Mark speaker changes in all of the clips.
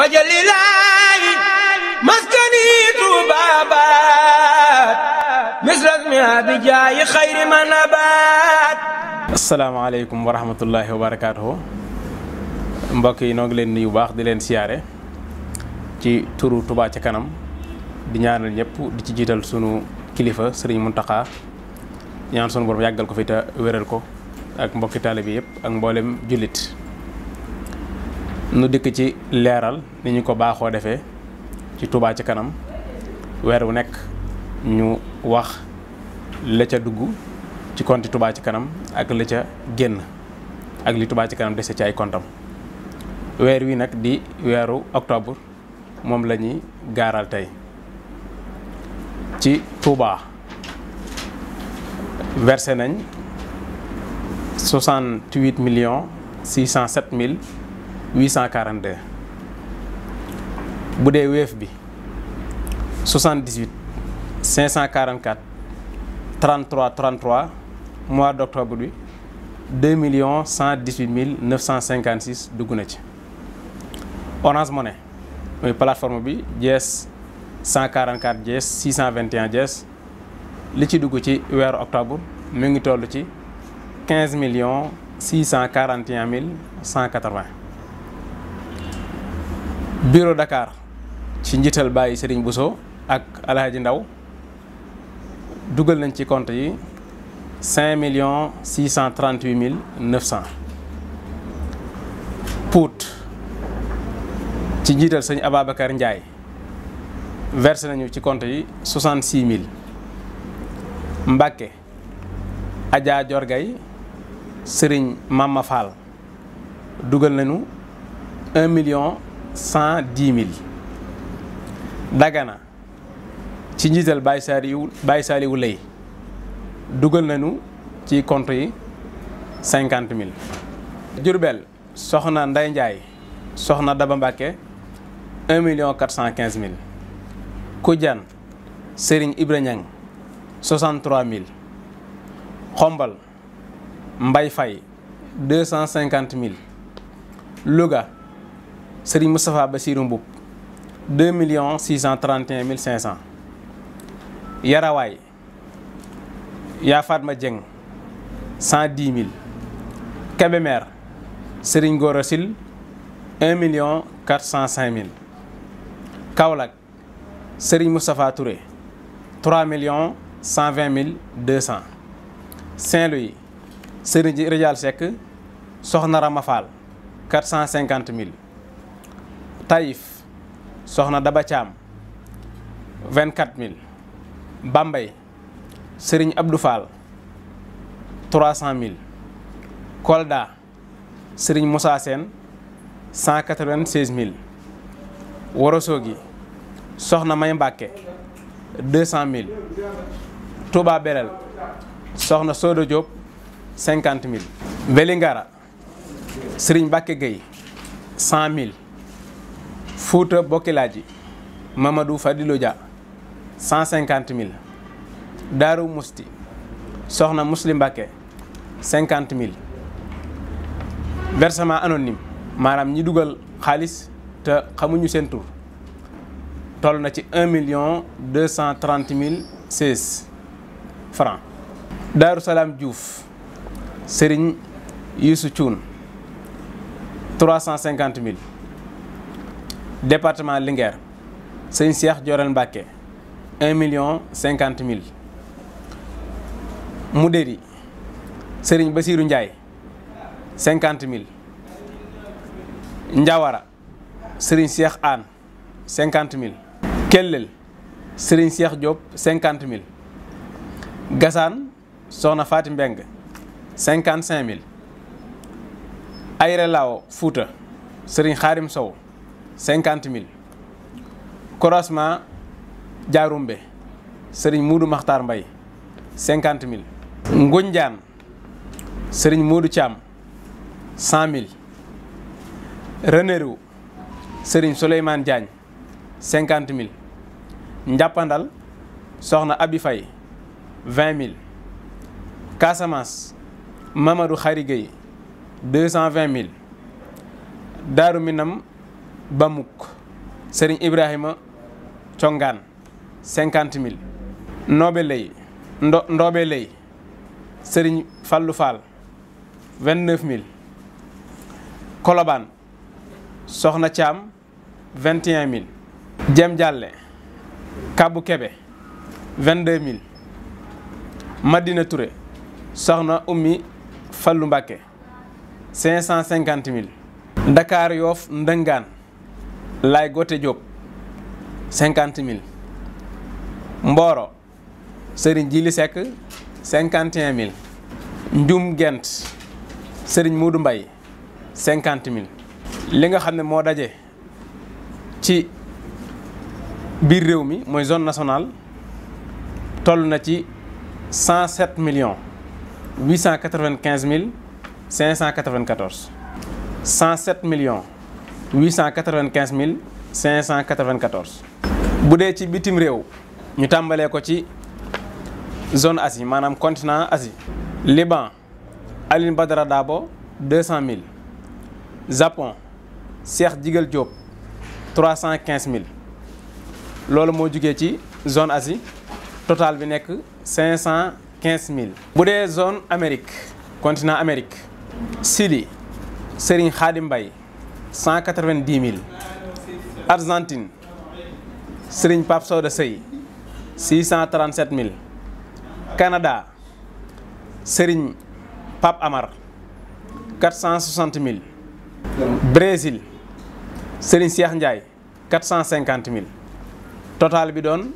Speaker 1: wajalilaayi maskani tuubaabaat misras mi abijaayi xayri ma nabaat asalaamaaleykum wa rahmatullahi wa barakaatuhu mbokk yi noo ngi baax di leen siyaare ci turu Touba ca kanam di ñaanal ñëpp di ci jiital sunu kilifa sëriñ Muntaxa ñaan sunu borom yàggal ko fi te wéral ko ak mbokki taalibe bi yëpp ak mboolem jullit nu dikk ci leeral ni ñu ko baaxoo defee ci Touba ci kanam weer wu nekk ñu wax la ca dugg ci compte Touba ci kanam ak la ca génn ak li Touba ci kanam dese ci ay kontam weer wi nag di weeru octobre moom la ñuy gaaral tey ci Touba versé nañ million millions 607 mille 842 Boudé UFB 78 544 33 33 mois d'octobre 2 118 956 de na Orange plateforme 144 621 jees li ci 15 641 180 bureau Dakar ci njiital bàyyi Serigne Bousso ak Alhaji Ndaw dugal nañ ci compte yi cinq millions six mille neuf Pout ci njiital sëñ Ababacar Ndiaye versé nañu ci compte yi soixante six mille Mbacke Adja Jorgay Serigne Mama Fall dugal nañu un million cent dix mille dagana ci njiital Baye Saliou lay dugal nañu ci compte yi cinquante mille Jurbel soxna Nday Njaay soxna Daba Mbàkke un million quatre cent quinze mille Kujaan Sëriñ Ibra Ñang soixante Xombal Mbay Fay deux cent cinquante mille Louga Seri Moussafa Bassirou 2 631 500 Yaraway Yafad Medjeng, 110 000 Kabemer Sri Rossil, 1 405 000 Kaolak Seri Moussafa Touré 3 120 200 Saint-Louis Sri Rijal Sek Sornaramafal 450 000 Taïf soxna Daba Thiam vingt quatre mille Bambey Serigne Abdou Fall cent mille Kolda Serigne Moussa Sène cent quatre vingt mille Worosogi soxna May Mbàkke deux cent mille Touba soxna Sodo Diop cinquante mille Vélingara Serigne Mbàkke Gueye cent mille Fouta Bokkilaaji Mamadou Fadilou Dia cent cinquante mille Daaru Musti Soxna Muslim Mbàkke cinquante mille versement anonyme maanaam ñi dugal xaalis te xamuñu seen tur toll na ci un million deux cent trente mille seize francs Daaru Salaam Diouf Sëriñ Yuusu Cuun trois cent cinquante mille département Linguère sëñ Cheikh Jorel Mbacke un million cinquante mille Moudéri sëriñ Basirou Ndiaye cinquante mille Ndiawara sëriñ Cheikh Anne cinquante mille Kellel sëriñ Cheikh Diop cinquante mille Gassane Soxna Faati Mbeng cinquante cinq mille Ayrelao Fouta sëriñ Xaarim Sow cinquante mille croisement Diarumbe sëriñ Muudu Maxtaar Mbay cinquante mille Ngunjaan sëriñ Muudu Caam cent mille Ranérou sëriñ Souleymane Diagne cinquante mille Njàppandal soxna Abi vingt mille Casamance Mamadou Xari Gueye deux cent vingt mille Daaru Minam Bamuk Serigne Ibrahima Congaan cinquante mille Noobe Lay Ndo Ndoobe Lay Serigne Fallou Fall vingt neuf mille Kolobaan Soxna Thiam vingt et mille Jem Jàlle Kabu Kebe vingt deux mille Madina Touré Soxna Ummi Fallou Mbàkke cinq cent cinquante mille Dakar Yoof Ndëngaan Laay Gote Diop cinquante mille Mboro Serigne Jili Seck cinquante et mille Njum Gent Serigne Moodu Mbay cinquante mille li nga xam ne moo daje ci biir réew mi mooy zone nationale toll na ci cent sept millions huit cent quatre vingt mille cinq cent quatre cent sept millions 895 594 Boudeti bitimreo. ci zone Asie Manam continent Asie Liban Alin badra Dabo 200 000. Japon Serge Digel Diop 315 000. loolu zone Asie total bi 515 000. bu zone Amérique continent Amérique Sili Serin Khadim cent quatre vingt dix mille Argentine Serigne Pape Soda Sey six cent trente sept mille Canada Serigne Pape Amar quatre cent soixante mille Brésil Serigne Cheikh Ndiaye quatre cent cinquante mille total bi doon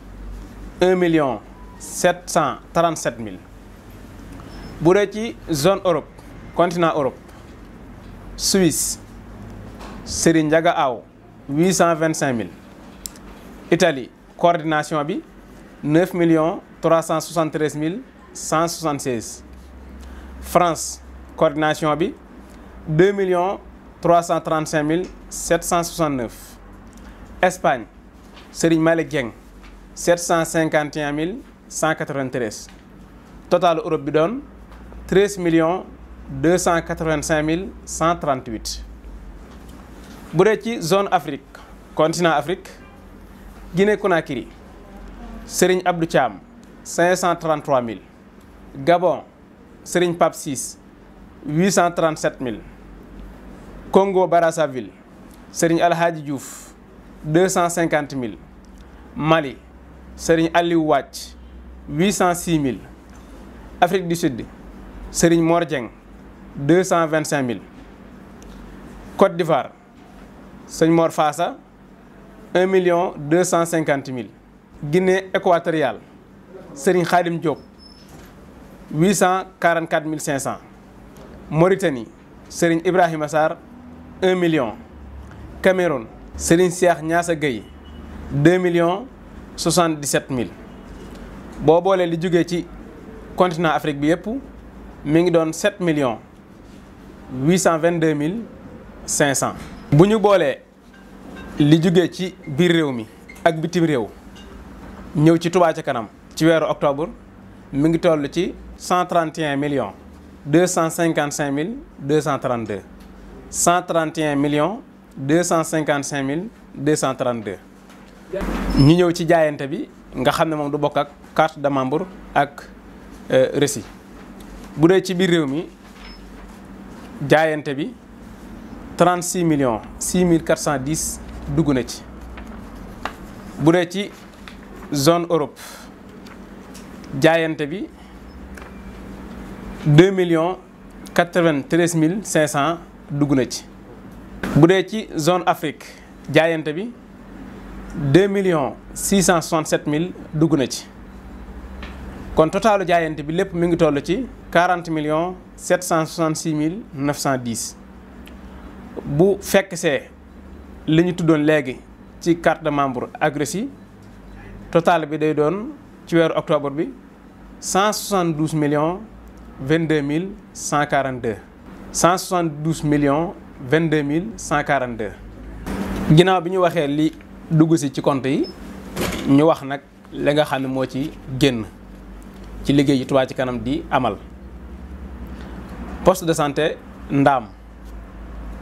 Speaker 1: un million sept cent trente mille bu dee ci zone Europe continent Europe Suisse. Serigne Diaga 825 000. Italie, coordination habit 9 373 176. France, coordination habit 2 335 769. Espagne, Serigne Malek 751 193. Total Europe bidon 13 285 138. Bureti zone Afrique continent Afrique Guinée Conakry Serigne Abdou 533 000. Gabon Serigne Pape 6 000. Congo Brazzaville Serigne Alhaji 250 000. Mali Serigne Aliou 806 000. Afrique du Sud Serigne Mordjeng 225 000. Côte d'Ivoire Seigneur Morfasa 1 250 000. Guinée équatoriale, Serigne Khadim Diop, 844 500. Mauritanie, Serigne Ibrahim Assar, 1 million. Cameroun, Serigne Siach Nyasa Gueye, 2 77 000. Bouboule les continent Afrique Biepou, Ming 7 millions. 822 500. Si li jugee ci biir réew mi ak bitim réew ñëw ci Touba ca kanam ci weeru octobre mu ngi toll ci cent trente et un cent cinquante cinq mille deux cent trente deux cent trente deux cent cinquante cinq mille deux cent ñu ñëw ci jaayante bi nga xam ne moom du bokk ak carte de ak euh, récit bu dee ci biir réew mi jaayante bi trente six millions six mille quatre cent dugg na ci bu dee ci zone Europe jaayante bi deux millions quatre vingt dugg na ci bu dee ci zone Afrique jaayante bi deux millions six dugg na ci kon total jaayante bi lépp mi ngi toll ci quarante millions sept bu fekk see li ñu tuddoon léegi ci carte de membre agressi total bi day doon ci weeru octobre bi cent soixante douze millions vingt deux mille cent quarante cent soixante douze millions vingt deux mille cent quarante deux. ginnaaw bi ñu waxee li dugg si ci compte yi ñu wax nag li nga xam ne moo ci génn ci liggéey yi Touba ci kanam di amal poste de santé ndaam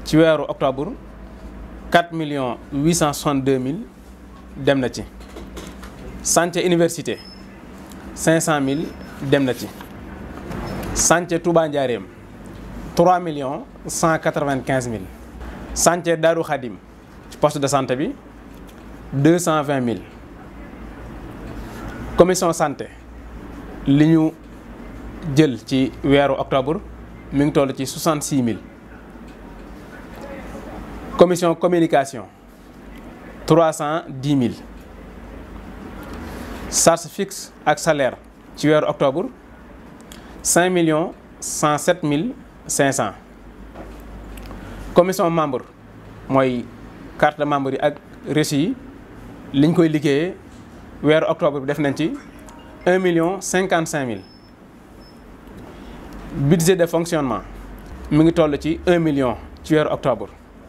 Speaker 1: ci weeru octobre. 4 862 000 dem santé université 500 000 dem na santé Touba 3 195 000. santé Darou Khadim poste de santé bi 220 000. commission santé l'Union jël ci octobre 66 000. Commission communication, 310 000. Sars fixe et salaire, tueur octobre, 5 107 500. Commission membre, carte de membre récit, octobre, définitivement, 1 55 000. Budget de fonctionnement, 1 million, tueur octobre.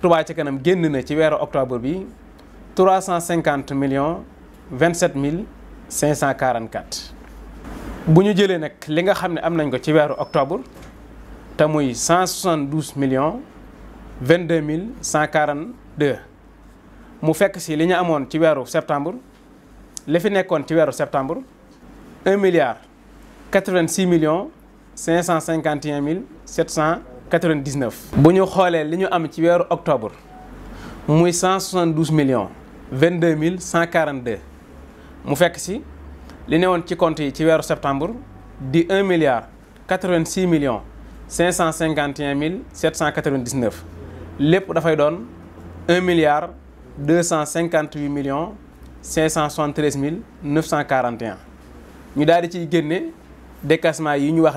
Speaker 1: Touba ci kanam génn na ci octobre bi 350 millions 27 544 Si nous avons nag li nga xam ne am nañ ko octobre 172 millions 22 142 mu fekk si li ñu amoon ci weeru septembre li fi nekkoon ci septembre 1 milliard 86 millions 551 700. 99. Bonjour ñu xoolee am octobre 172 millions 22 142 mu fekk ici, li newoon ci septembre di 1 milliard 86 millions 551 mille 799 lépp dafay 1 milliard 258 millions 573 941 ñu daal yi ñu wax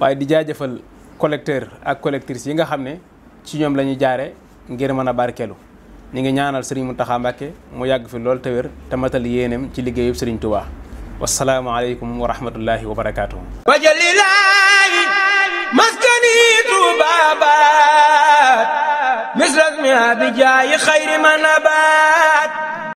Speaker 1: waaye di jëfal collecteur ak collectrice yi nga xam ne ci ñoom la ñuy jaare ngir mën a barkeelu ñu ngi ñaanal mu taxa Mbacké mu yàgg fi lool te wér te matal yéeneem ci liggéeyub sëriñ Touba wasalaamualeykum wa rahmatullahi wa barakaatuhu wajalilaahi maskani tubabat misrasmia bi jaayi xayri manabat